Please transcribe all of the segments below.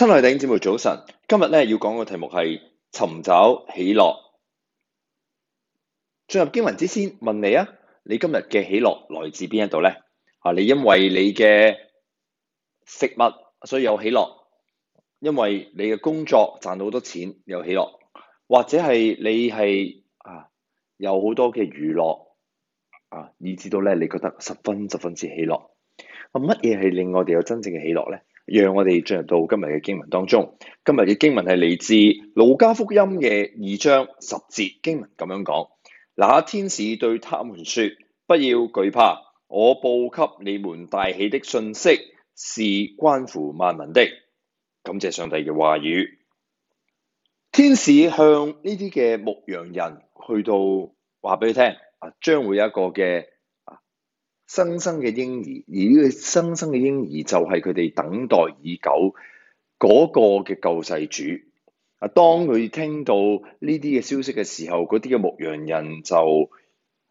親愛頂姊妹早晨，今日咧，要講嘅題目係尋找喜樂。進入經文之先，問你啊，你今日嘅喜樂來自邊一度咧？啊，你因為你嘅食物所以有喜樂，因為你嘅工作賺到好多錢有喜樂，或者係你係啊有好多嘅娛樂啊，以致到咧你覺得十分十分之喜樂。啊，乜嘢係令我哋有真正嘅喜樂咧？讓我哋進入到今日嘅經文當中。今日嘅經文係嚟自《路加福音》嘅二章十節經文，咁樣講。那，天使對他們說：「不要懼怕，我報給你們大喜的信息，是關乎萬民的。感謝上帝嘅話語。天使向呢啲嘅牧羊人去到你，話俾佢聽，啊，將會有一個嘅。新生嘅嬰兒，而呢個新生嘅嬰兒就係佢哋等待已久嗰個嘅救世主。啊，當佢聽到呢啲嘅消息嘅時候，嗰啲嘅牧羊人就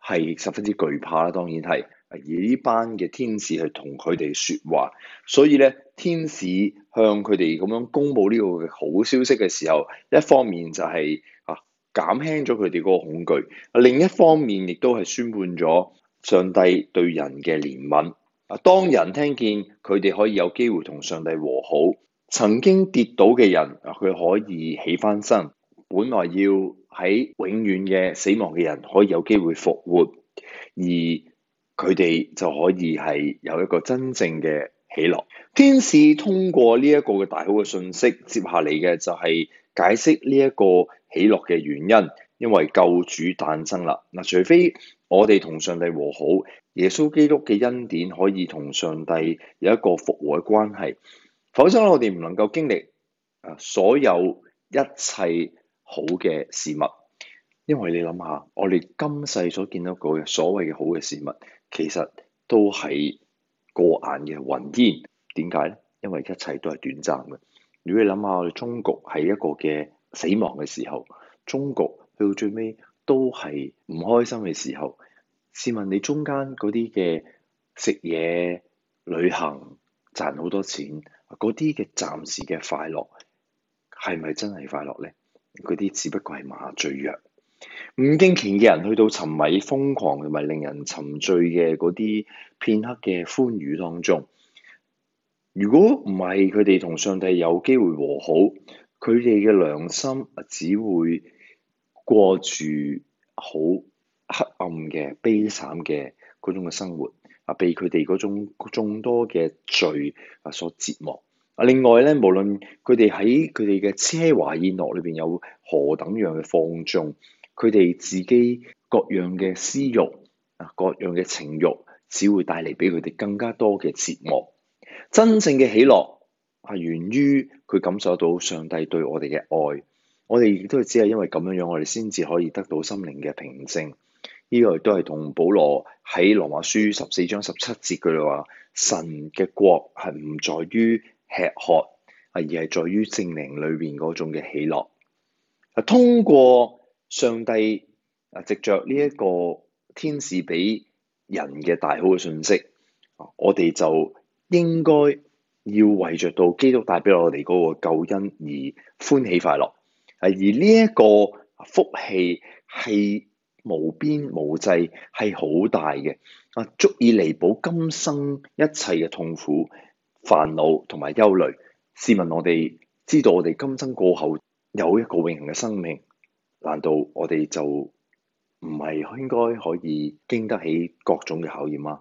係十分之懼怕啦。當然係、啊，而呢班嘅天使係同佢哋說話，所以咧，天使向佢哋咁樣公布呢個好消息嘅時候，一方面就係、是、啊減輕咗佢哋嗰個恐懼，另一方面亦都係宣判咗。上帝對人嘅憐憫啊，當人聽見佢哋可以有機會同上帝和好，曾經跌倒嘅人啊，佢可以起返身；本來要喺永遠嘅死亡嘅人，可以有機會復活，而佢哋就可以係有一個真正嘅喜樂。天使通過呢一個嘅大好嘅信息，接下嚟嘅就係解釋呢一個喜樂嘅原因。因為救主誕生啦，嗱，除非我哋同上帝和好，耶穌基督嘅恩典可以同上帝有一個復和嘅關係，否則我哋唔能夠經歷啊所有一切好嘅事物。因為你諗下，我哋今世所見到嘅所謂嘅好嘅事物，其實都係過眼嘅雲煙。點解咧？因為一切都係短暫嘅。如果你諗下，我哋中國係一個嘅死亡嘅時候，中國。去到最尾都係唔開心嘅時候。試問你中間嗰啲嘅食嘢、旅行、賺好多錢嗰啲嘅暫時嘅快樂，係咪真係快樂咧？嗰啲只不過係麻醉藥。唔敬虔嘅人去到沉迷、瘋狂同埋令人沉醉嘅嗰啲片刻嘅歡愉當中，如果唔係佢哋同上帝有機會和好，佢哋嘅良心只會。過住好黑暗嘅悲慘嘅嗰種嘅生活，啊，被佢哋嗰種眾多嘅罪啊所折磨。啊，另外咧，無論佢哋喺佢哋嘅奢華宴樂裏邊有何等樣嘅放縱，佢哋自己各樣嘅私欲啊，各樣嘅情欲，只會帶嚟俾佢哋更加多嘅折磨。真正嘅喜樂係源於佢感受到上帝對我哋嘅愛。我哋亦都係只係因為咁樣樣，我哋先至可以得到心靈嘅平靜。呢個亦都係同保羅喺羅馬書十四章十七節嘅話，神嘅國係唔在於吃喝，而係在於心靈裏邊嗰種嘅喜樂。啊，通過上帝啊，藉着呢一個天使俾人嘅大好嘅信息，我哋就應該要為着到基督帶俾我哋嗰個救恩而歡喜快樂。而呢一個福氣係無邊無際，係好大嘅，啊，足以彌補今生一切嘅痛苦、煩惱同埋憂慮。試問我哋知道我哋今生過後有一個永恆嘅生命，難道我哋就唔係應該可以經得起各種嘅考驗嗎？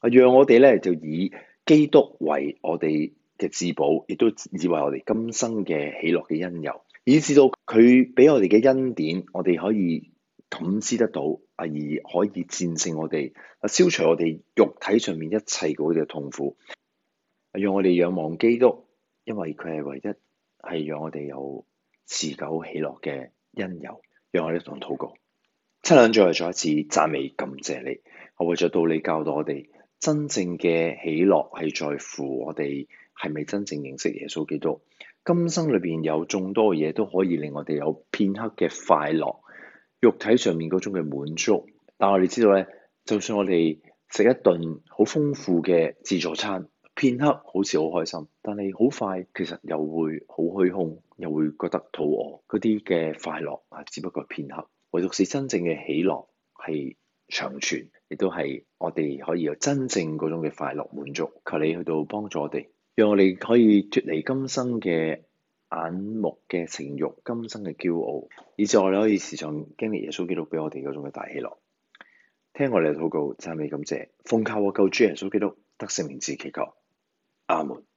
啊，讓我哋咧就以基督為我哋嘅至寶，亦都以為我哋今生嘅喜樂嘅因由。以至到佢俾我哋嘅恩典，我哋可以感知得到，而可以戰勝我哋，啊消除我哋肉體上面一切嗰啲嘅痛苦，讓我哋仰望基督，因為佢係唯一係讓我哋有持久喜樂嘅因由。讓我哋同禱告，親兩再嚟再一次讚美感謝你。我為咗到你教導我哋，真正嘅喜樂係在乎我哋係咪真正認識耶穌基督。今生裏邊有眾多嘢都可以令我哋有片刻嘅快樂，肉體上面嗰種嘅滿足。但我哋知道咧，就算我哋食一頓好豐富嘅自助餐，片刻好似好開心，但係好快其實又會好虛空，又會覺得肚餓。嗰啲嘅快樂啊，只不過片刻。唯獨是真正嘅喜樂係長存，亦都係我哋可以有真正嗰種嘅快樂滿足。求你去到幫助我哋。讓我哋可以脫離今生嘅眼目嘅情慾、今生嘅驕傲，以至我哋可以時常經歷耶穌基督俾我哋嗰種嘅大喜樂。聽我哋嘅禱告，讚美感謝，奉靠我救主耶穌基督得勝名字祈求，阿門。